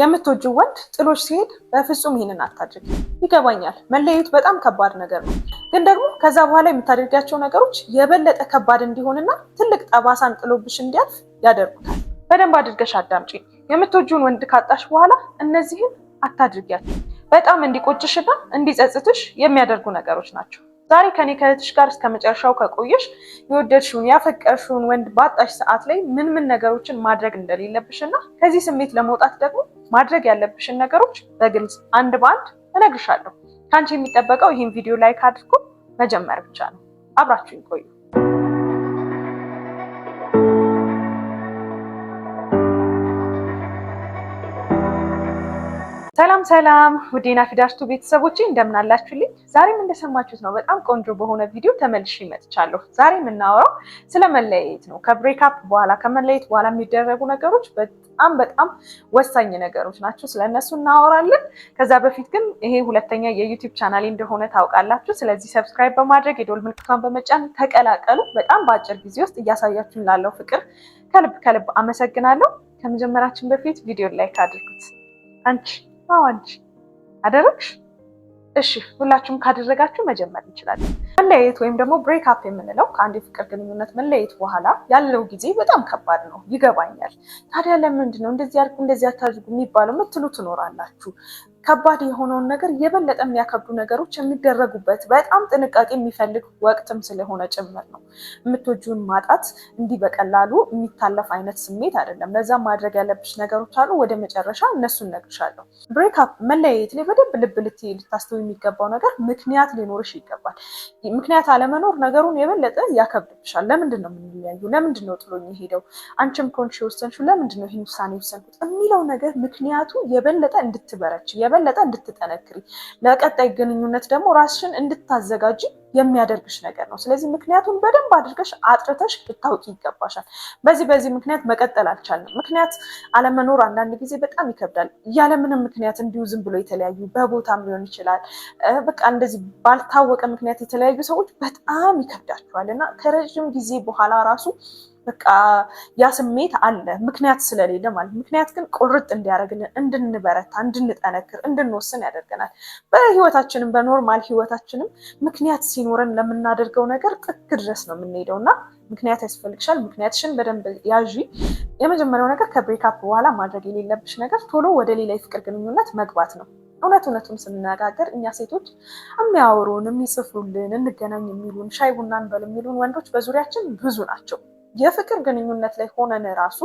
የምትወጂው ወንድ ጥሎሽ ሲሄድ በፍጹም ይህንን አታድርግ። ይገባኛል፣ መለየት በጣም ከባድ ነገር ነው። ግን ደግሞ ከዛ በኋላ የምታደርጋቸው ነገሮች የበለጠ ከባድ እንዲሆንና ትልቅ ጠባሳን ጥሎብሽ እንዲያልፍ ያደርጉታል። በደንብ አድርገሽ አዳምጪ። የምትወጂውን ወንድ ካጣሽ በኋላ እነዚህን አታድርጊያቸው። በጣም እንዲቆጭሽና እንዲጸጽትሽ የሚያደርጉ ነገሮች ናቸው። ዛሬ ከኔ ከእህትሽ ጋር እስከ መጨረሻው ከቆየሽ የወደድሽውን ያፈቀርሽውን ወንድ ባጣሽ ሰዓት ላይ ምን ምን ነገሮችን ማድረግ እንደሌለብሽ እና ከዚህ ስሜት ለመውጣት ደግሞ ማድረግ ያለብሽን ነገሮች በግልጽ አንድ በአንድ እነግርሻለሁ። ከአንቺ የሚጠበቀው ይህን ቪዲዮ ላይክ አድርጎ መጀመር ብቻ ነው። አብራችሁ ይቆዩ። ሰላም ሰላም ውዴና ፊዳርቱ ቤተሰቦች እንደምን አላችሁልኝ? ዛሬም እንደሰማችሁት ነው በጣም ቆንጆ በሆነ ቪዲዮ ተመልሼ መጥቻለሁ። ዛሬ የምናወራው ስለ መለያየት ነው። ከብሬክአፕ በኋላ ከመለየት በኋላ የሚደረጉ ነገሮች በጣም በጣም ወሳኝ ነገሮች ናቸው። ስለ እነሱ እናወራለን። ከዛ በፊት ግን ይሄ ሁለተኛ የዩቲዩብ ቻናሌ እንደሆነ ታውቃላችሁ። ስለዚህ ሰብስክራይብ በማድረግ የደወል ምልክቷን በመጫን ተቀላቀሉ። በጣም በአጭር ጊዜ ውስጥ እያሳያችሁን ላለው ፍቅር ከልብ ከልብ አመሰግናለሁ። ከመጀመራችን በፊት ቪዲዮ ላይክ አድርጉት። አንቺ አዋንጅ አደረግሽ። እሺ ሁላችሁም ካደረጋችሁ መጀመር እንችላለን። መለያየት ወይም ደግሞ ብሬክ አፕ የምንለው ከአንድ የፍቅር ግንኙነት መለየት በኋላ ያለው ጊዜ በጣም ከባድ ነው፣ ይገባኛል። ታዲያ ለምንድን ነው እንደዚህ አድርጉ እንደዚህ አታድርጉ የሚባለው ምትሉ ትኖራላችሁ። ከባድ የሆነውን ነገር የበለጠ የሚያከብዱ ነገሮች የሚደረጉበት በጣም ጥንቃቄ የሚፈልግ ወቅትም ስለሆነ ጭምር ነው። የምትወጂውን ማጣት እንዲህ በቀላሉ የሚታለፍ አይነት ስሜት አይደለም። ለዛ ማድረግ ያለብሽ ነገሮች አሉ። ወደ መጨረሻ እነሱን እነግርሻለሁ። ብሬክአፕ መለያየት ላይ በደንብ ልብ ልትይ ልታስተው የሚገባው ነገር ምክንያት ሊኖርሽ ይገባል። ምክንያት አለመኖር ነገሩን የበለጠ ያከብድብሻል። ለምንድን ነው የምንለያዩ? ለምንድን ነው ጥሎኝ የሄደው? አንቺም ኮንሽ የወሰንሽው ለምንድን ነው ይህን ውሳኔ የወሰንኩት የሚለው ነገር ምክንያቱ የበለጠ እንድትበረች የበለጠ እንድትጠነክሪ፣ ለቀጣይ ግንኙነት ደግሞ ራስሽን እንድታዘጋጅ የሚያደርግሽ ነገር ነው። ስለዚህ ምክንያቱን በደንብ አድርገሽ አጥርተሽ ልታውቂ ይገባሻል። በዚህ በዚህ ምክንያት መቀጠል አልቻልንም። ምክንያት አለመኖር አንዳንድ ጊዜ በጣም ይከብዳል። ያለምንም ምክንያት እንዲሁ ዝም ብሎ የተለያዩ በቦታም ሊሆን ይችላል። በቃ እንደዚህ ባልታወቀ ምክንያት የተለያዩ ሰዎች በጣም ይከብዳቸዋል እና ከረዥም ጊዜ በኋላ ራሱ በቃ ያ ስሜት አለ፣ ምክንያት ስለሌለ ማለት ምክንያት ግን ቁርጥ እንዲያደርግልን እንድንበረታ፣ እንድንጠነክር፣ እንድንወስን ያደርገናል። በህይወታችንም በኖርማል ህይወታችንም ምክንያት ሲኖረን ለምናደርገው ነገር ጥግ ድረስ ነው የምንሄደው እና ምክንያት ያስፈልግሻል። ምክንያትሽን በደንብ ያዥ። የመጀመሪያው ነገር ከብሬካፕ በኋላ ማድረግ የሌለብሽ ነገር ቶሎ ወደ ሌላ የፍቅር ግንኙነት መግባት ነው። እውነት እውነቱን ስንነጋገር እኛ ሴቶች የሚያወሩን፣ የሚጽፉልን፣ እንገናኝ የሚሉን፣ ሻይ ቡና እንበል የሚሉን ወንዶች በዙሪያችን ብዙ ናቸው። የፍቅር ግንኙነት ላይ ሆነን ራሱ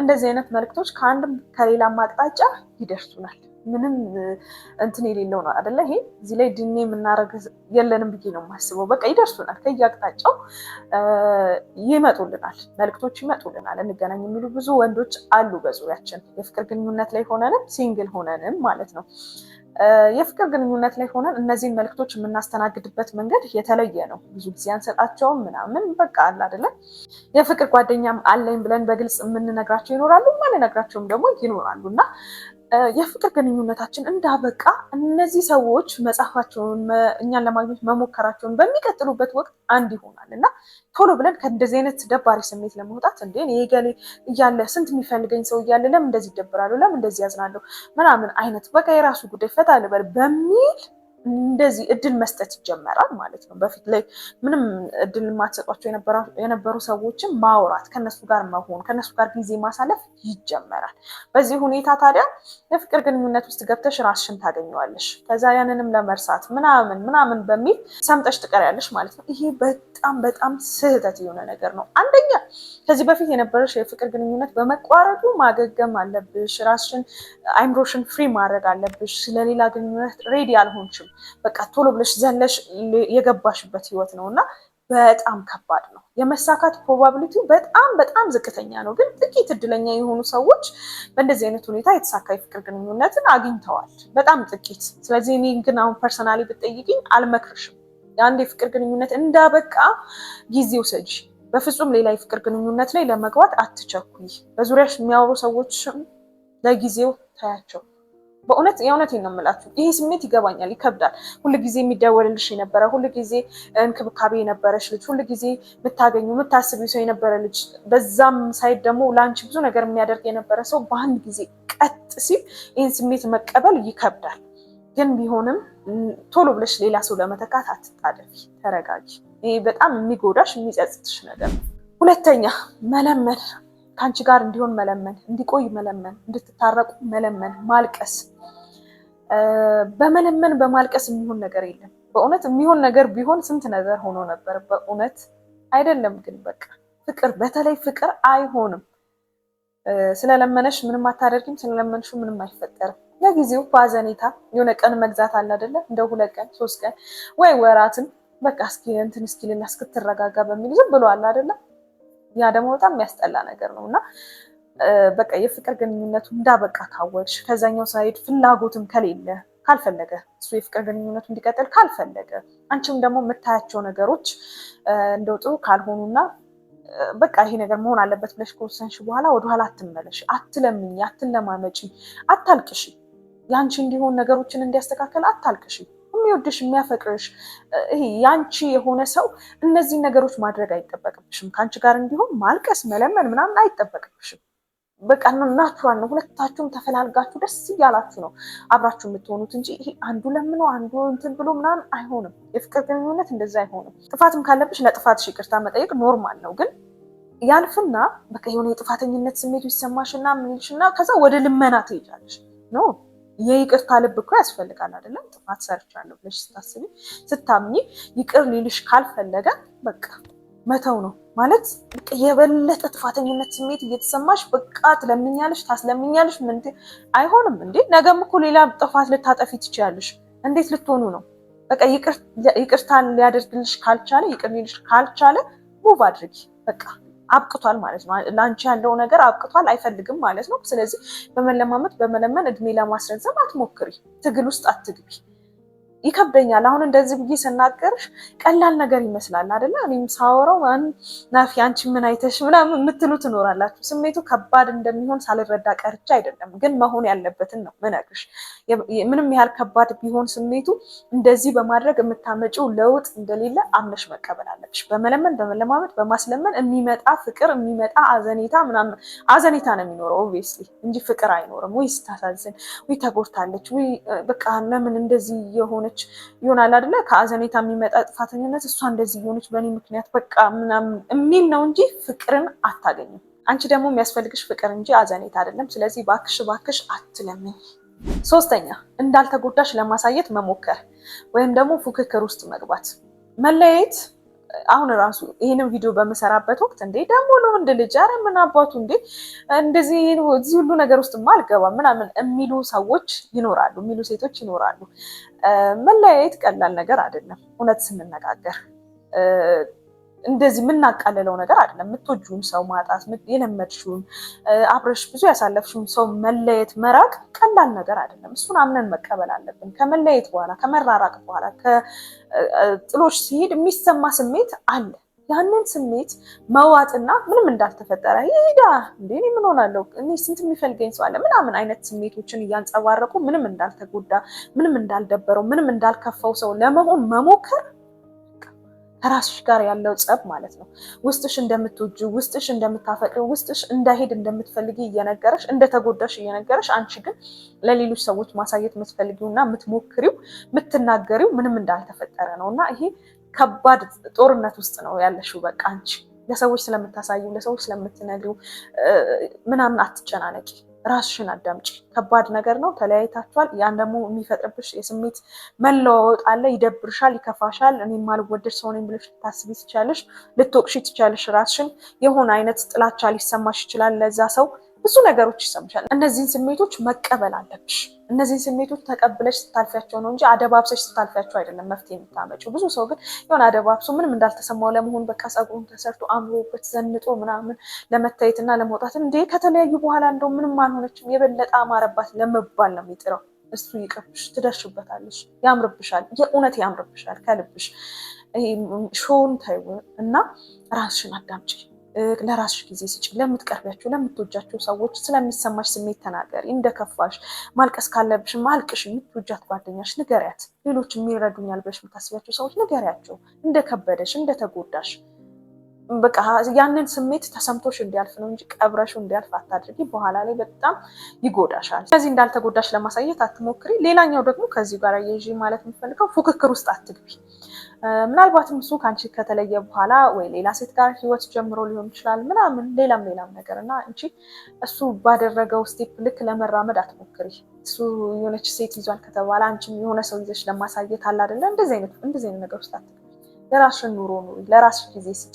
እንደዚህ አይነት መልክቶች ከአንድም ከሌላም አቅጣጫ ይደርሱናል። ምንም እንትን የሌለው ነው አደለ? ይሄ እዚህ ላይ ድኔ የምናደርግ የለንም ብዬ ነው የማስበው። በቃ ይደርሱናል፣ ከየአቅጣጫው ይመጡልናል፣ መልክቶች ይመጡልናል። እንገናኝ የሚሉ ብዙ ወንዶች አሉ በዙሪያችን፣ የፍቅር ግንኙነት ላይ ሆነንም ሲንግል ሆነንም ማለት ነው። የፍቅር ግንኙነት ላይ ሆነን እነዚህን መልክቶች የምናስተናግድበት መንገድ የተለየ ነው። ብዙ ጊዜ አንሰጣቸውም ምናምን በቃ አለ አይደለም። የፍቅር ጓደኛም አለኝ ብለን በግልጽ የምንነግራቸው ይኖራሉ፣ ማንነግራቸውም ደግሞ ይኖራሉ እና የፍቅር ግንኙነታችን እንዳበቃ እነዚህ ሰዎች መጻፋቸውን እኛን ለማግኘት መሞከራቸውን በሚቀጥሉበት ወቅት አንድ ይሆናል እና ቶሎ ብለን ከእንደዚህ አይነት ደባሪ ስሜት ለመውጣት እንዴ እገሌ እያለ ስንት የሚፈልገኝ ሰው እያለ ለምን እንደዚህ ይደብራሉ፣ ለምን እንደዚህ ያዝናለሁ ምናምን አይነት በቃ የራሱ ጉዳይ ፈታ ልበል በሚል እንደዚህ እድል መስጠት ይጀመራል ማለት ነው። በፊት ላይ ምንም እድል የማትሰጧቸው የነበሩ ሰዎችን ማውራት፣ ከነሱ ጋር መሆን፣ ከነሱ ጋር ጊዜ ማሳለፍ ይጀመራል። በዚህ ሁኔታ ታዲያ የፍቅር ግንኙነት ውስጥ ገብተሽ ራስሽን ታገኘዋለሽ። ከዛ ያንንም ለመርሳት ምናምን ምናምን በሚል ሰምጠሽ ትቀሪያለሽ ማለት ነው። ይሄ በጣም በጣም ስህተት የሆነ ነገር ነው። አንደኛ ከዚህ በፊት የነበረሽ የፍቅር ግንኙነት በመቋረጡ ማገገም አለብሽ። ራስሽን አይምሮሽን ፍሪ ማድረግ አለብሽ። ስለሌላ ግንኙነት ሬዲ አልሆንችም በቃ ቶሎ ብለሽ ዘለሽ የገባሽበት ህይወት ነው እና በጣም ከባድ ነው። የመሳካት ፕሮባብሊቲ በጣም በጣም ዝቅተኛ ነው። ግን ጥቂት እድለኛ የሆኑ ሰዎች በእንደዚህ አይነት ሁኔታ የተሳካ የፍቅር ግንኙነትን አግኝተዋል። በጣም ጥቂት። ስለዚህ እኔ ግን አሁን ፐርሰናሊ ብጠይቅኝ አልመክርሽም። የአንድ የፍቅር ግንኙነት እንዳበቃ ጊዜው ውሰጂ። በፍጹም ሌላ የፍቅር ግንኙነት ላይ ለመግባት አትቸኩይ። በዙሪያሽ የሚያወሩ ሰዎችም ለጊዜው ታያቸው። በእውነት የእውነት ነው የምላችሁ፣ ይሄ ስሜት ይገባኛል። ይከብዳል። ጊዜ የሚደወልልሽ የነበረ ጊዜ እንክብካቤ የነበረች ልጅ ጊዜ የምታገኙ የምታስቢ ሰው የነበረ ልጅ፣ በዛም ሳይድ ደግሞ ለአንቺ ብዙ ነገር የሚያደርግ የነበረ ሰው በአንድ ጊዜ ቀጥ ሲል ይህን ስሜት መቀበል ይከብዳል። ግን ቢሆንም ቶሎ ብለሽ ሌላ ሰው ለመተካት አትጣደፊ፣ ተረጋጊ። ይሄ በጣም የሚጎዳሽ የሚጸጽትሽ ነገር ነው። ሁለተኛ መለመን ከአንቺ ጋር እንዲሆን መለመን፣ እንዲቆይ መለመን፣ እንድትታረቁ መለመን፣ ማልቀስ። በመለመን በማልቀስ የሚሆን ነገር የለም። በእውነት የሚሆን ነገር ቢሆን ስንት ነገር ሆኖ ነበር። በእውነት አይደለም ግን በቃ ፍቅር፣ በተለይ ፍቅር አይሆንም። ስለለመነሽ ምንም አታደርጊም፣ ስለለመንሹ ምንም አይፈጠርም። ለጊዜው በአዘኔታ የሆነ ቀን መግዛት አለ አይደለ? እንደ ሁለት ቀን ሶስት ቀን ወይ ወራትን በቃ እስኪ እንትን እስኪልና እስክትረጋጋ በሚል ዝም ብሎ አለ አይደለም ያ ደግሞ በጣም የሚያስጠላ ነገር ነው እና በቃ የፍቅር ግንኙነቱ እንዳበቃ ካወቅሽ ከዛኛው ሳይድ ፍላጎትም ከሌለ ካልፈለገ እሱ የፍቅር ግንኙነቱ እንዲቀጥል ካልፈለገ አንቺም ደግሞ የምታያቸው ነገሮች እንደው ጥሩ ካልሆኑና በቃ ይሄ ነገር መሆን አለበት ብለሽ ከወሰንሽ በኋላ ወደኋላ አትመለሽ፣ አትለምኝ፣ አትለማመጪ፣ አታልቅሽ። የአንቺ እንዲሆን ነገሮችን እንዲያስተካከል አታልቅሽ። የሚወድሽ የሚያፈቅርሽ ይሄ ያንቺ የሆነ ሰው እነዚህን ነገሮች ማድረግ አይጠበቅብሽም። ከአንቺ ጋር እንዲሆን ማልቀስ፣ መለመን ምናምን አይጠበቅብሽም። በቃ ናቹራል ነው። ሁለታችሁም ተፈላልጋችሁ ደስ እያላችሁ ነው አብራችሁ የምትሆኑት እንጂ ይሄ አንዱ ለምኖ አንዱ እንትን ብሎ ምናምን አይሆንም። የፍቅር ግንኙነት እንደዚ አይሆንም። ጥፋትም ካለብሽ ለጥፋትሽ ይቅርታ መጠየቅ ኖርማል ነው። ግን ያልፍና በቃ የሆነ የጥፋተኝነት ስሜት ይሰማሽና ምንልሽና ከዛ ወደ ልመና ትሄጃለሽ ነው የይቅርታ ልብ እኮ ያስፈልጋል አይደለም? ጥፋት ሰርቻለሁ ብለሽ ስታስቢ ስታምኚ ይቅር ሊልሽ ካልፈለገ በቃ መተው ነው ማለት የበለጠ ጥፋተኝነት ስሜት እየተሰማሽ በቃ ትለምኛለሽ፣ ታስለምኛለሽ። ምን አይሆንም እንዴ? ነገም እኮ ሌላ ጥፋት ልታጠፊ ትችያለሽ። እንዴት ልትሆኑ ነው? በቃ ይቅርታን ሊያደርግልሽ ካልቻለ፣ ይቅር ሊልሽ ካልቻለ ሙቭ አድርጊ በቃ አብቅቷል ማለት ነው። ላንቺ ያለው ነገር አብቅቷል፣ አይፈልግም ማለት ነው። ስለዚህ በመለማመጥ በመለመን እድሜ ለማስረዘም አትሞክሪ፣ ትግል ውስጥ አትግቢ። ይከብደኛል። አሁን እንደዚህ ብዬ ስናገርሽ ቀላል ነገር ይመስላል አደለ? እኔም ሳወራው ናፊ አንቺ ምን አይተሽ ምናምን የምትሉ ትኖራላችሁ። ስሜቱ ከባድ እንደሚሆን ሳልረዳ ቀርቼ አይደለም፣ ግን መሆን ያለበትን ነው ምነግርሽ። ምንም ያህል ከባድ ቢሆን ስሜቱ እንደዚህ በማድረግ የምታመጪው ለውጥ እንደሌለ አምነሽ መቀበል አለብሽ። በመለመን በመለማመድ በማስለመን የሚመጣ ፍቅር የሚመጣ አዘኔታ ምናምን አዘኔታ ነው የሚኖረው ኦብቪየስሊ እንጂ ፍቅር አይኖርም። ወይ ስታሳዝን፣ ወይ ተጎድታለች፣ ወይ በቃ ለምን እንደዚህ የሆነ ሆነች ይሆናል አደለ? ከአዘኔታ የሚመጣ ጥፋተኝነት እሷ እንደዚህ የሆነች በእኔ ምክንያት በቃ ምናምን የሚል ነው እንጂ ፍቅርን አታገኝም። አንቺ ደግሞ የሚያስፈልግሽ ፍቅር እንጂ አዘኔታ አይደለም። ስለዚህ ባክሽ ባክሽ አትለምኝ። ሶስተኛ እንዳልተጎዳሽ ለማሳየት መሞከር ወይም ደግሞ ፉክክር ውስጥ መግባት መለያየት አሁን ራሱ ይህንን ቪዲዮ በምሰራበት ወቅት እንዴ ደግሞ ለወንድ ልጅ አረ ምን አባቱ እንዴ እንደዚህ እዚህ ሁሉ ነገር ውስጥማ አልገባም ምናምን የሚሉ ሰዎች ይኖራሉ፣ የሚሉ ሴቶች ይኖራሉ። መለያየት ቀላል ነገር አይደለም፣ እውነት ስንነጋገር እንደዚህ የምናቃልለው ነገር አይደለም። የምትወጂውን ሰው ማጣት፣ የለመድሽውን አብረሽ ብዙ ያሳለፍሽውን ሰው መለየት፣ መራቅ ቀላል ነገር አይደለም። እሱን አምነን መቀበል አለብን። ከመለየት በኋላ ከመራራቅ በኋላ ከጥሎች ሲሄድ የሚሰማ ስሜት አለ። ያንን ስሜት መዋጥና ምንም እንዳልተፈጠረ ይዳ እንዴ ምን ሆናለሁ እኔ ስንት የሚፈልገኝ ሰው አለ ምናምን አይነት ስሜቶችን እያንጸባረቁ ምንም እንዳልተጎዳ፣ ምንም እንዳልደበረው፣ ምንም እንዳልከፋው ሰው ለመሆን መሞከር ከራስሽ ጋር ያለው ጸብ ማለት ነው። ውስጥሽ እንደምትወጁ፣ ውስጥሽ እንደምታፈቅሪው፣ ውስጥሽ እንዳይሄድ እንደምትፈልጊ እየነገረሽ እንደተጎዳሽ እየነገረሽ አንቺ ግን ለሌሎች ሰዎች ማሳየት የምትፈልጊው እና የምትሞክሪው የምትናገሪው ምንም እንዳልተፈጠረ ነው እና ይሄ ከባድ ጦርነት ውስጥ ነው ያለሽው። በቃ አንቺ ለሰዎች ስለምታሳዩ፣ ለሰዎች ስለምትነግሪው ምናምን አትጨናነቂ። ራስሽን አዳምጪ። ከባድ ነገር ነው፣ ተለያይታችኋል። ያን ደግሞ የሚፈጥርብሽ የስሜት መለዋወጥ አለ። ይደብርሻል፣ ይከፋሻል። እኔ ማልወደድ ሰው ነኝ ብለሽ ልታስቢ ትቻለሽ፣ ልትወቅሽ ትቻለሽ። ራስሽን የሆነ አይነት ጥላቻ ሊሰማሽ ይችላል ለዛ ሰው ብዙ ነገሮች ይሰምሻል። እነዚህን ስሜቶች መቀበል አለብሽ። እነዚህን ስሜቶች ተቀብለሽ ስታልፊያቸው ነው እንጂ አደባብሰሽ ስታልፊያቸው አይደለም መፍትሄ የምታመጪው። ብዙ ሰው ግን የሆነ አደባብሶ ምንም እንዳልተሰማው ለመሆን በቃ ጸጉሩን ተሰርቶ አምሮበት ዘንጦ ምናምን ለመታየትና ለመውጣት እንዴ ከተለያዩ በኋላ እንደው ምንም አልሆነችም የበለጠ አማረባት ለመባል ነው የሚጥረው። እሱ ይቅርብሽ፣ ትደርሽበታለሽ። ያምርብሻል፣ የእውነት ያምርብሻል ከልብሽ። ሾውን ተይው እና ራስሽን አዳምጪ። ለራስሽ ጊዜ ስጪ። ለምትቀርቢያቸው ለምትወጃቸው ሰዎች ስለሚሰማሽ ስሜት ተናገሪ። እንደከፋሽ ማልቀስ ካለብሽ ማልቅሽ። የምትወጃት ጓደኛሽ ንገሪያት። ሌሎች የሚረዱኛል ብለሽ የምታስቢያቸው ሰዎች ንገሪያቸው እንደከበደሽ እንደተጎዳሽ በቃ ያንን ስሜት ተሰምቶሽ እንዲያልፍ ነው እንጂ ቀብረሽ እንዲያልፍ አታድርጊ። በኋላ ላይ በጣም ይጎዳሻል። ስለዚህ እንዳልተጎዳሽ ለማሳየት አትሞክሪ። ሌላኛው ደግሞ ከዚህ ጋር የዥ ማለት የምፈልገው ፉክክር ውስጥ አትግቢ። ምናልባትም እሱ ከአንቺ ከተለየ በኋላ ወይ ሌላ ሴት ጋር ህይወት ጀምሮ ሊሆን ይችላል ምናምን ሌላም ሌላም ነገር እና አንቺ እሱ ባደረገው ስቴፕ ልክ ለመራመድ አትሞክሪ። እሱ የሆነች ሴት ይዟል ከተባለ አንቺም የሆነ ሰው ይዘሽ ለማሳየት አለ አይደለ? እንደዚህ አይነት ነገር ውስጥ አትግቢ። ለራስሽን ኑሮ ኑሪ። ለራስሽ ጊዜ ስጭ።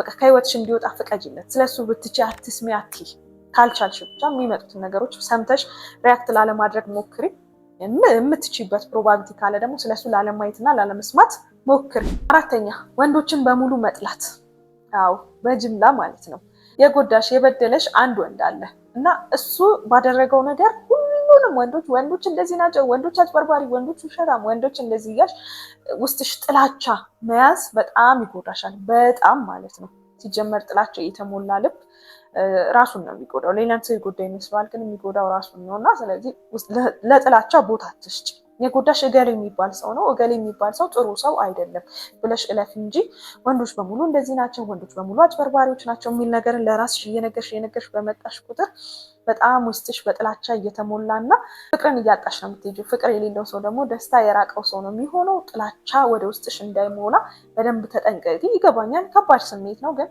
በቃ ከህይወትሽ እንዲወጣ ፈቃጅነት ስለሱ ብትቼ አትስሚ አትይ። ካልቻልሽ ብቻ የሚመጡትን ነገሮች ሰምተሽ ሪያክት ላለማድረግ ሞክሪ። የምትችበት ፕሮባቢቲ ካለ ደግሞ ስለሱ ላለማየትና ላለመስማት ሞክሪ። አራተኛ ወንዶችን በሙሉ መጥላት። አዎ በጅምላ ማለት ነው። የጎዳሽ የበደለሽ አንድ ወንድ አለ እና እሱ ባደረገው ነገር ሁሉንም ወንዶች ወንዶች እንደዚህ ናቸው፣ ወንዶች አጭበርባሪ፣ ወንዶች ውሸታም፣ ወንዶች እንደዚህ እያልሽ ውስጥሽ ጥላቻ መያዝ በጣም ይጎዳሻል። በጣም ማለት ነው። ሲጀመር ጥላቻ የተሞላ ልብ ራሱን ነው የሚጎዳው። ሌላን ሰው የጎዳ ይመስለዋል፣ ግን የሚጎዳው ራሱን ነው እና ስለዚህ ለጥላቻ ቦታ አትስጪ። የጎዳሽ እገሌ የሚባል ሰው ነው፣ እገሌ የሚባል ሰው ጥሩ ሰው አይደለም ብለሽ እለፍ እንጂ ወንዶች በሙሉ እንደዚህ ናቸው፣ ወንዶች በሙሉ አጭበርባሪዎች ናቸው የሚል ነገርን ለራስሽ እየነገርሽ እየነገርሽ በመጣሽ ቁጥር በጣም ውስጥሽ በጥላቻ እየተሞላ እና ፍቅርን እያጣሽ ነው የምትሄጂው። ፍቅር የሌለው ሰው ደግሞ ደስታ የራቀው ሰው ነው የሚሆነው። ጥላቻ ወደ ውስጥሽ እንዳይሞላ በደንብ ተጠንቀቂ። ይገባኛል፣ ከባድ ስሜት ነው። ግን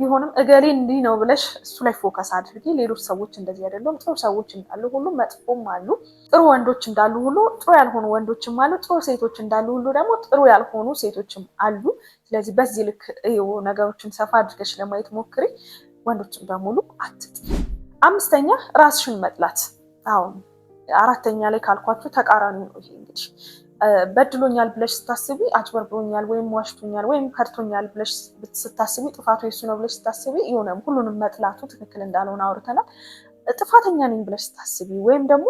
ቢሆንም እገሌ እንዲህ ነው ብለሽ እሱ ላይ ፎከስ አድርጊ። ሌሎች ሰዎች እንደዚህ አይደሉም ጥሩ ሰዎች እንዳሉ ሁሉ መጥፎም አሉ። ጥሩ ወንዶች እንዳሉ ሁሉ ጥሩ ያልሆኑ ወንዶችም አሉ። ጥሩ ሴቶች እንዳሉ ሁሉ ደግሞ ጥሩ ያልሆኑ ሴቶችም አሉ። ስለዚህ በዚህ ልክ ነገሮችን ሰፋ አድርገሽ ለማየት ሞክሪ። ወንዶችን በሙሉ አትጥ አምስተኛ ራስሽን መጥላት። አሁን አራተኛ ላይ ካልኳችሁ ተቃራኒ ነው። ይሄ እንግዲህ በድሎኛል ብለሽ ስታስቢ አጭበርብሮኛል ወይም ዋሽቶኛል ወይም ከድቶኛል ብለሽ ስታስቢ ጥፋቱ የሱ ነው ብለሽ ስታስቢ የሆነ ሁሉንም መጥላቱ ትክክል እንዳልሆነ አውርተናል። ጥፋተኛ ነኝ ብለሽ ስታስቢ ወይም ደግሞ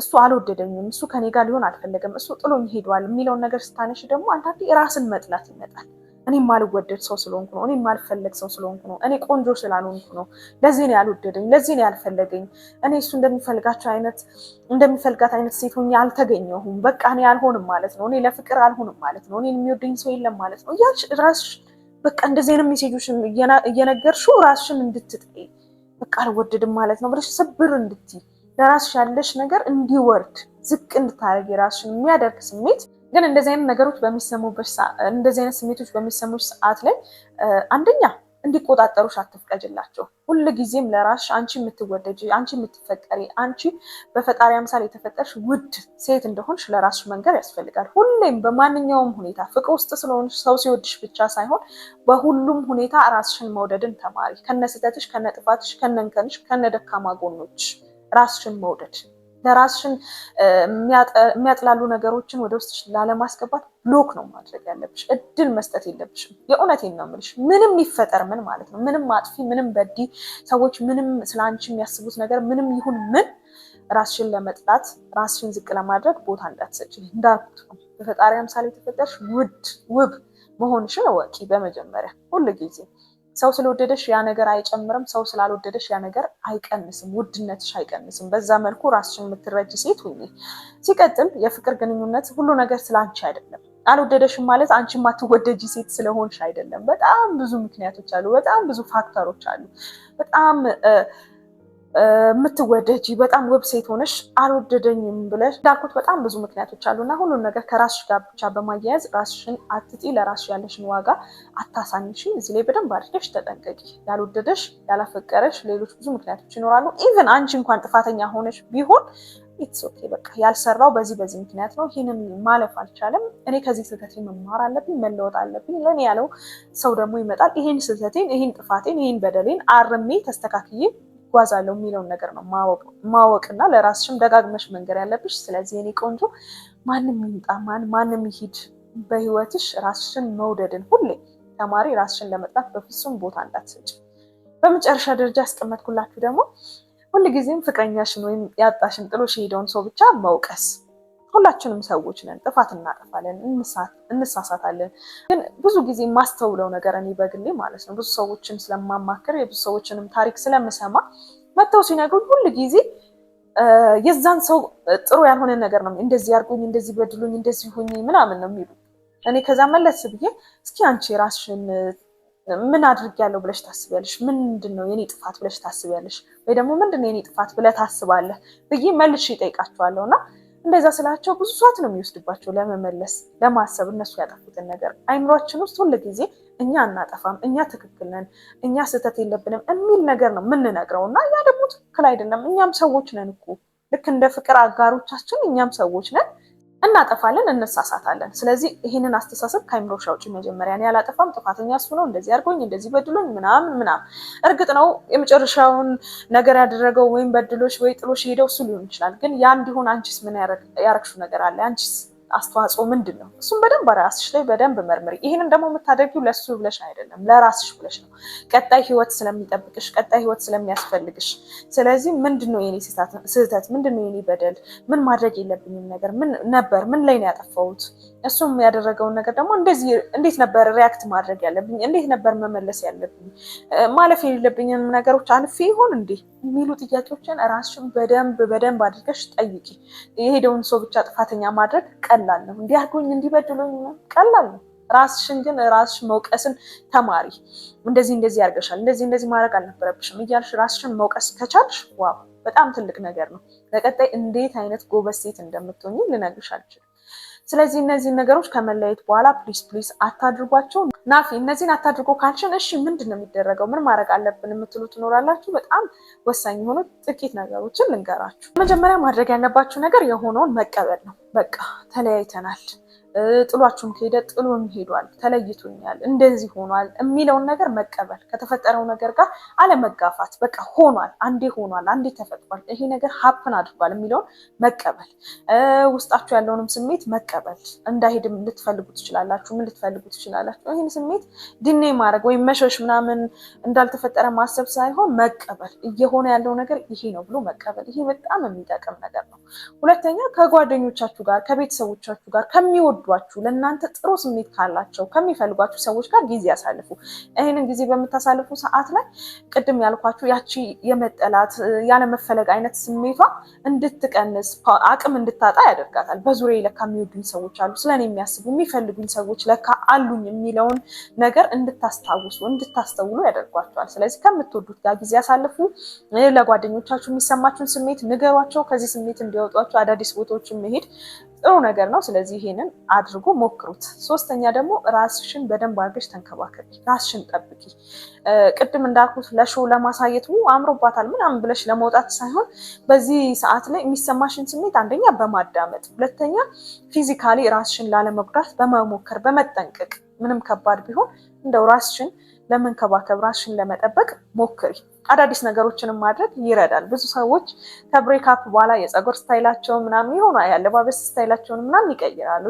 እሱ አልወደደኝም፣ እሱ ከኔ ጋር ሊሆን አልፈለገም፣ እሱ ጥሎኝ ሄዷል የሚለውን ነገር ስታነሽ ደግሞ አንዳንዴ ራስን መጥላት ይመጣል። እኔ ማልወደድ ሰው ስለሆንኩ ነው። እኔ ማልፈለግ ሰው ስለሆንኩ ነው። እኔ ቆንጆ ስላልሆንኩ ነው። ለዚህ ነው ያልወደደኝ፣ ለዚህ ነው ያልፈለገኝ። እኔ እሱ እንደሚፈልጋቸው አይነት እንደሚፈልጋት አይነት ሴት ሆኜ አልተገኘሁም። በቃ እኔ አልሆንም ማለት ነው። እኔ ለፍቅር አልሆንም ማለት ነው። እኔን የሚወደኝ ሰው የለም ማለት ነው እያልሽ ራስሽ በቃ እንደዚህ አይነት ሜሴጆችን እየነገርሽው ራስሽን እንድትጠይ በቃ አልወደድም ማለት ነው ብለሽ ስብር እንድትይ ለራስሽ ያለሽ ነገር እንዲወርድ ዝቅ እንድታደርግ የራስሽን የሚያደርግ ስሜት ግን እንደዚህ አይነት ነገሮች በሚሰሙበት እንደዚህ አይነት ስሜቶች በሚሰሙች ሰዓት ላይ አንደኛ እንዲቆጣጠሩሽ አትፍቀጅላቸው። ሁል ጊዜም ለራስሽ አንቺ የምትወደጅ አንቺ የምትፈቀሪ አንቺ በፈጣሪ አምሳል የተፈጠርሽ ውድ ሴት እንደሆንሽ ለራስሽ መንገር ያስፈልጋል። ሁሌም በማንኛውም ሁኔታ ፍቅር ውስጥ ስለሆንሽ ሰው ሲወድሽ ብቻ ሳይሆን በሁሉም ሁኔታ ራስሽን መውደድን ተማሪ። ከነ ስህተትሽ፣ ከነ ጥፋትሽ፣ ከነ እንከንሽ፣ ከነ ደካማ ጎኖች ራስሽን መውደድ ለራስሽን የሚያጥላሉ ነገሮችን ወደ ውስጥሽ ላለማስገባት ብሎክ ነው ማድረግ ያለብሽ። እድል መስጠት የለብሽም። የእውነቴን ነው የምልሽ። ምንም ይፈጠር ምን ማለት ነው፣ ምንም አጥፊ፣ ምንም በዲ፣ ሰዎች ምንም ስለ አንቺ የሚያስቡት ነገር ምንም ይሁን ምን ራስሽን ለመጥላት ራስሽን ዝቅ ለማድረግ ቦታ እንዳትሰጭ። እንዳልኩት ነው በፈጣሪ ምሳሌ የተፈጠርሽ ውድ ውብ መሆንሽን እወቂ። በመጀመሪያ ሁል ጊዜ ሰው ስለወደደሽ ያ ነገር አይጨምርም፣ ሰው ስላልወደደሽ ያ ነገር አይቀንስም፣ ውድነትሽ አይቀንስም። በዛ መልኩ ራስሽን የምትረጅ ሴት ሁኚ። ሲቀጥል የፍቅር ግንኙነት ሁሉ ነገር ስለ አንቺ አይደለም። አልወደደሽም ማለት አንቺ የማትወደጂ ሴት ስለሆንሽ አይደለም። በጣም ብዙ ምክንያቶች አሉ፣ በጣም ብዙ ፋክተሮች አሉ። በጣም የምትወደጂ በጣም ውብ ሴት ሆነሽ አልወደደኝም ብለሽ እንዳልኩት በጣም ብዙ ምክንያቶች እና ሁሉን ነገር ከራስሽ ጋር ብቻ በማያያዝ ራስሽን አትጢ፣ ለራስሽ ያለሽን ዋጋ አታሳንሺ። እዚህ ላይ በደንብ አድርገሽ ተጠንቀቂ። ያልወደደሽ ያላፈቀረሽ ሌሎች ብዙ ምክንያቶች ይኖራሉ። ኢቨን አንቺ እንኳን ጥፋተኛ ሆነሽ ቢሆን ኢትስ ኦኬ በቃ ያልሰራው በዚህ በዚህ ምክንያት ነው፣ ይህንን ማለፍ አልቻለም፣ እኔ ከዚህ ስህተቴ መማር አለብኝ፣ መለወጥ አለብኝ፣ ለእኔ ያለው ሰው ደግሞ ይመጣል፣ ይህን ስህተቴን፣ ይህን ጥፋቴን፣ ይህን በደሌን አርሜ ተስተካክዬ እጓዛለሁ የሚለውን ነገር ነው ማወቅና ለራስሽም ደጋግመሽ መንገር ያለብሽ። ስለዚህ እኔ ቆንጆ ማንም ይምጣ ማንም ይሂድ በህይወትሽ ራስሽን መውደድን ሁሌ ተማሪ ራስሽን ለመጥላት በፍጹም ቦታ እንዳትሰጭ። በመጨረሻ ደረጃ ያስቀመጥኩላችሁ ደግሞ ሁልጊዜም ፍቅረኛሽን ወይም ያጣሽን ጥሎሽ የሄደውን ሰው ብቻ መውቀስ ሁላችንም ሰዎች ነን፣ ጥፋት እናጠፋለን፣ እንሳሳታለን። ግን ብዙ ጊዜ የማስተውለው ነገር እኔ በግሌ ማለት ነው ብዙ ሰዎችን ስለማማክር የብዙ ሰዎችንም ታሪክ ስለምሰማ መጥተው ሲነግሩኝ ሁል ጊዜ የዛን ሰው ጥሩ ያልሆነ ነገር ነው እንደዚህ ያርጉኝ፣ እንደዚህ በድሉኝ፣ እንደዚህ ሁኝ ምናምን ነው የሚሉ። እኔ ከዛ መለስ ብዬ እስኪ አንቺ የራስሽን ምን አድርጊያለሁ ብለሽ ታስቢያለሽ? ምንድን ነው የኔ ጥፋት ብለሽ ታስቢያለሽ? ወይ ደግሞ ምንድን ነው የኔ ጥፋት ብለህ ታስባለህ ብዬ መልሼ እጠይቃቸዋለሁ እና እንደዛ ስላቸው ብዙ ሰዓት ነው የሚወስድባቸው ለመመለስ ለማሰብ እነሱ ያጠፉትን ነገር። አይምሯችን ውስጥ ጊዜ እኛ አናጠፋም፣ እኛ ትክክል ነን፣ እኛ ስህተት የለብንም የሚል ነገር ነው የምንነግረው እና ያ ደግሞ ትክክል አይደለም። እኛም ሰዎች ነን እኮ ልክ እንደ ፍቅር አጋሮቻችን እኛም ሰዎች ነን። እናጠፋለን፣ እንሳሳታለን። ስለዚህ ይህንን አስተሳሰብ ከአይምሮሽ አውጪ። መጀመሪያ እኔ አላጠፋም፣ ጥፋተኛ እሱ ነው፣ እንደዚህ አድርጎኝ፣ እንደዚህ በድሎኝ፣ ምናምን ምናምን። እርግጥ ነው የመጨረሻውን ነገር ያደረገው ወይም በድሎሽ ወይ ጥሎሽ ሄደው እሱ ሊሆን ይችላል። ግን ያ እንዲሆን አንቺስ ምን ያረግሽው ነገር አለ? አንቺስ አስተዋጽኦ ምንድን ነው? እሱም በደንብ ራስሽ ላይ በደንብ መርምሪ። ይህንን ደግሞ የምታደርጊው ለሱ ብለሽ አይደለም፣ ለራስሽ ብለሽ ነው። ቀጣይ ህይወት ስለሚጠብቅሽ፣ ቀጣይ ህይወት ስለሚያስፈልግሽ። ስለዚህ ምንድን ነው የኔ ስህተት፣ ምንድን ነው የኔ በደል፣ ምን ማድረግ የለብኝም ነገር ምን ነበር፣ ምን ላይ ነው ያጠፋሁት እሱም ያደረገውን ነገር ደግሞ እንደዚህ እንዴት ነበር ሪያክት ማድረግ ያለብኝ፣ እንዴት ነበር መመለስ ያለብኝ፣ ማለፍ የሌለብኝንም ነገሮች አልፌ ይሆን እንዴ የሚሉ ጥያቄዎችን ራስሽን በደንብ በደንብ አድርገሽ ጠይቂ። የሄደውን ሰው ብቻ ጥፋተኛ ማድረግ ቀላል ነው። እንዲያርጉኝ እንዲበድሉኝ ቀላል ነው። ራስሽን ግን ራስሽ መውቀስን ተማሪ። እንደዚህ እንደዚህ ያርገሻል፣ እንደዚህ እንደዚህ ማድረግ አልነበረብሽም እያልሽ ራስሽን መውቀስ ከቻልሽ ዋው በጣም ትልቅ ነገር ነው። ለቀጣይ እንዴት አይነት ጎበዝ ሴት እንደምትሆኝ ልነግርሽ አልችልም። ስለዚህ እነዚህ ነገሮች ከመለየት በኋላ ፕሊስ ፕሊስ አታድርጓቸው። ናፊ እነዚህን አታድርጎ ካልሽን እሺ ምንድን ነው የሚደረገው? ምን ማድረግ አለብን የምትሉ ትኖራላችሁ። በጣም ወሳኝ የሆኑ ጥቂት ነገሮችን ልንገራችሁ። መጀመሪያ ማድረግ ያለባችሁ ነገር የሆነውን መቀበል ነው። በቃ ተለያይተናል ጥሏችሁም ከሄደ ጥሎኝ ሄዷል፣ ተለይቶኛል፣ እንደዚህ ሆኗል የሚለውን ነገር መቀበል፣ ከተፈጠረው ነገር ጋር አለመጋፋት። በቃ ሆኗል፣ አንዴ ሆኗል፣ አንዴ ተፈጥሯል፣ ይሄ ነገር ሀፕን አድርጓል የሚለውን መቀበል፣ ውስጣችሁ ያለውንም ስሜት መቀበል። እንዳይሄድም ልትፈልጉ ትችላላችሁ፣ ምን ልትፈልጉ ትችላላችሁ። ይህን ስሜት ድኔ ማድረግ ወይም መሸሽ ምናምን እንዳልተፈጠረ ማሰብ ሳይሆን መቀበል፣ እየሆነ ያለው ነገር ይሄ ነው ብሎ መቀበል። ይሄ በጣም የሚጠቅም ነገር ነው። ሁለተኛ ከጓደኞቻችሁ ጋር ከቤተሰቦቻችሁ ጋር ከሚወዱ ከሚወዷችሁ ለእናንተ ጥሩ ስሜት ካላቸው ከሚፈልጓችሁ ሰዎች ጋር ጊዜ ያሳልፉ። ይህንን ጊዜ በምታሳልፉ ሰዓት ላይ ቅድም ያልኳችሁ ያቺ የመጠላት ያለመፈለግ አይነት ስሜቷ እንድትቀንስ አቅም እንድታጣ ያደርጋታል። በዙሪያ ለካ የሚወዱኝ ሰዎች አሉ፣ ስለኔ የሚያስቡ የሚፈልጉኝ ሰዎች ለካ አሉኝ የሚለውን ነገር እንድታስታውሱ እንድታስተውሉ ያደርጓቸዋል። ስለዚህ ከምትወዱት ጋር ጊዜ ያሳልፉ። ለጓደኞቻችሁ የሚሰማችሁን ስሜት ንገሯቸው። ከዚህ ስሜት እንዲወጧቸው አዳዲስ ቦታዎችን መሄድ ጥሩ ነገር ነው። ስለዚህ ይሄንን አድርጎ ሞክሩት። ሶስተኛ ደግሞ ራስሽን በደንብ አድርገሽ ተንከባከቢ፣ ራስሽን ጠብቂ። ቅድም እንዳልኩት ለሾው ለማሳየት አምሮባታል ምናምን ብለሽ ለመውጣት ሳይሆን በዚህ ሰዓት ላይ የሚሰማሽን ስሜት አንደኛ በማዳመጥ ሁለተኛ ፊዚካሊ ራስሽን ላለመጉዳት በመሞከር በመጠንቀቅ ምንም ከባድ ቢሆን እንደው ራስሽን ለመንከባከብ ራስሽን ለመጠበቅ ሞክሪ። አዳዲስ ነገሮችንም ማድረግ ይረዳል። ብዙ ሰዎች ከብሬካፕ በኋላ የፀጉር ስታይላቸውን ምናምን የሆነ ያለባበስ ስታይላቸውን ምናምን ይቀይራሉ።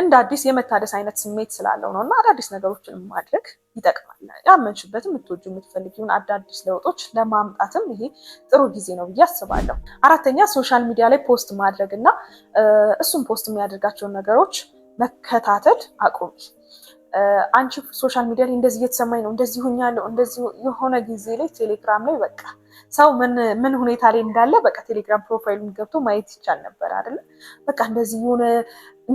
እንደ አዲስ የመታደስ አይነት ስሜት ስላለው ነው እና አዳዲስ ነገሮችን ማድረግ ይጠቅማል። ያመንሽበት የምትወጁ የምትፈልጊውን አዳዲስ ለውጦች ለማምጣትም ይሄ ጥሩ ጊዜ ነው ብዬ አስባለሁ። አራተኛ ሶሻል ሚዲያ ላይ ፖስት ማድረግ እና እሱም ፖስት የሚያደርጋቸውን ነገሮች መከታተል አቁሚ። አንቺ ሶሻል ሚዲያ ላይ እንደዚህ እየተሰማኝ ነው፣ እንደዚህ ሆኛለሁ፣ እንደዚህ የሆነ ጊዜ ላይ ቴሌግራም ላይ በቃ ሰው ምን ሁኔታ ላይ እንዳለ በቃ ቴሌግራም ፕሮፋይሉን ገብቶ ማየት ይቻል ነበር አይደለ? በቃ እንደዚህ የሆነ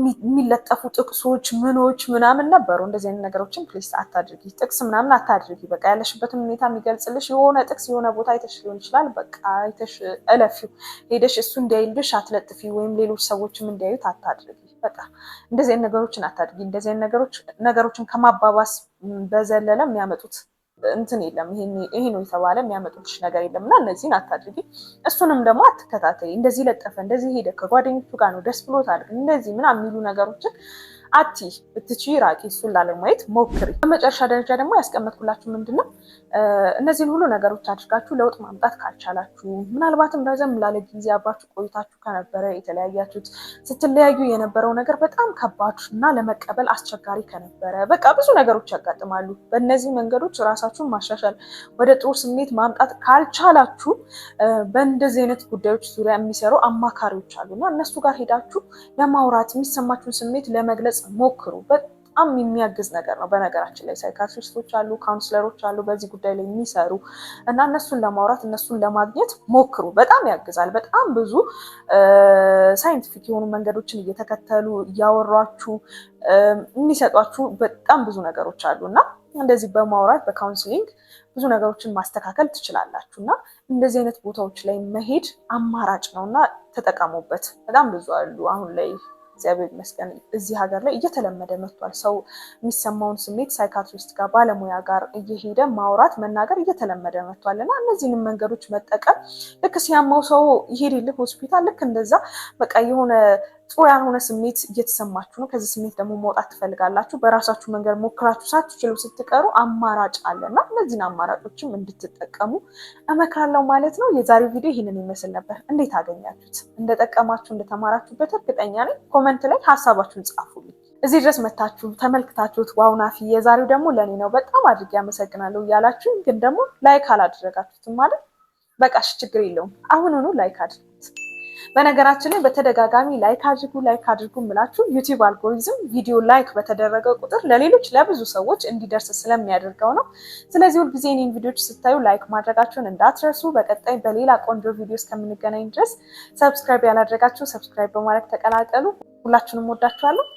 የሚለጠፉ ጥቅሶች ምኖች ምናምን ነበሩ። እንደዚህ አይነት ነገሮችን ፕሊስ አታድርጊ፣ ጥቅስ ምናምን አታድርጊ። በቃ ያለሽበትን ሁኔታ የሚገልጽልሽ የሆነ ጥቅስ የሆነ ቦታ አይተሽ ሊሆን ይችላል። በቃ አይተሽ እለፊው ሄደሽ እሱ እንዲያይልሽ አትለጥፊ፣ ወይም ሌሎች ሰዎችም እንዲያዩት አታድርጊ። በቃ እንደዚህ አይነት ነገሮችን አታድጊ። እንደዚህ አይነት ነገሮች ነገሮችን ከማባባስ በዘለለ የሚያመጡት እንትን የለም። ይሄ ነው የተባለ የሚያመጡትሽ ነገር የለም እና እነዚህን አታድርጊ። እሱንም ደግሞ አትከታተይ። እንደዚህ ለጠፈ፣ እንደዚህ ሄደ፣ ከጓደኞቹ ጋር ነው ደስ ብሎታል፣ እንደዚህ ምናምን የሚሉ ነገሮችን አቲ ብትቺ ራቂ፣ እሱን ላለማየት ሞክሪ። በመጨረሻ ደረጃ ደግሞ ያስቀመጥኩላችሁ ምንድን ነው እነዚህን ሁሉ ነገሮች አድርጋችሁ ለውጥ ማምጣት ካልቻላችሁ፣ ምናልባትም ረዘም ላለ ጊዜ አብራችሁ ቆይታችሁ ከነበረ የተለያያችሁት፣ ስትለያዩ የነበረው ነገር በጣም ከባድ እና ለመቀበል አስቸጋሪ ከነበረ፣ በቃ ብዙ ነገሮች ያጋጥማሉ። በእነዚህ መንገዶች ራሳችሁን ማሻሻል ወደ ጥሩ ስሜት ማምጣት ካልቻላችሁ፣ በእንደዚህ አይነት ጉዳዮች ዙሪያ የሚሰሩ አማካሪዎች አሉ እና እነሱ ጋር ሄዳችሁ ለማውራት የሚሰማችሁን ስሜት ለመግለጽ መግለጽ ሞክሩ። በጣም የሚያግዝ ነገር ነው። በነገራችን ላይ ሳይካትሪስቶች አሉ፣ ካውንስለሮች አሉ በዚህ ጉዳይ ላይ የሚሰሩ እና እነሱን ለማውራት እነሱን ለማግኘት ሞክሩ። በጣም ያግዛል። በጣም ብዙ ሳይንቲፊክ የሆኑ መንገዶችን እየተከተሉ እያወሯችሁ የሚሰጧችሁ በጣም ብዙ ነገሮች አሉ እና እንደዚህ በማውራት በካውንስሊንግ ብዙ ነገሮችን ማስተካከል ትችላላችሁ እና እንደዚህ አይነት ቦታዎች ላይ መሄድ አማራጭ ነው እና ተጠቀሙበት። በጣም ብዙ አሉ አሁን ላይ እግዚአብሔር ይመስገን እዚህ ሀገር ላይ እየተለመደ መጥቷል። ሰው የሚሰማውን ስሜት ሳይካትሪስት ጋር ባለሙያ ጋር እየሄደ ማውራት መናገር እየተለመደ መጥቷል እና እነዚህንም መንገዶች መጠቀም ልክ ሲያማው ሰው ይሄድልህ ሆስፒታል ልክ እንደዛ በቃ የሆነ ጥሩ ያልሆነ ስሜት እየተሰማችሁ ነው። ከዚህ ስሜት ደግሞ መውጣት ትፈልጋላችሁ። በራሳችሁ መንገድ ሞክራችሁ ሳትችሉ ስትቀሩ አማራጭ አለና እነዚህን አማራጮችም እንድትጠቀሙ እመክራለሁ ማለት ነው። የዛሬው ቪዲዮ ይህንን ይመስል ነበር። እንዴት አገኛችሁት? እንደጠቀማችሁ እንደተማራችሁበት እርግጠኛ ነኝ። ኮመንት ላይ ሀሳባችሁን ጻፉልኝ። እዚህ ድረስ መታችሁ ተመልክታችሁት ዋው ናፊ የዛሬው ደግሞ ለእኔ ነው በጣም አድርጌ አመሰግናለሁ እያላችሁ ግን ደግሞ ላይክ አላደረጋችሁትም ማለት በቃሽ፣ ችግር የለውም። አሁኑኑ ላይክ አድርጉት። በነገራችን ላይ በተደጋጋሚ ላይክ አድርጉ ላይክ አድርጉ ምላችሁ ዩቲዩብ አልጎሪዝም ቪዲዮ ላይክ በተደረገ ቁጥር ለሌሎች ለብዙ ሰዎች እንዲደርስ ስለሚያደርገው ነው። ስለዚህ ሁልጊዜ እኔን ቪዲዮች ስታዩ ላይክ ማድረጋችሁን እንዳትረሱ። በቀጣይ በሌላ ቆንጆ ቪዲዮ እስከምንገናኝ ድረስ ሰብስክራይብ ያላደረጋችሁ ሰብስክራይብ በማድረግ ተቀላቀሉ። ሁላችሁንም ወዳችኋለሁ።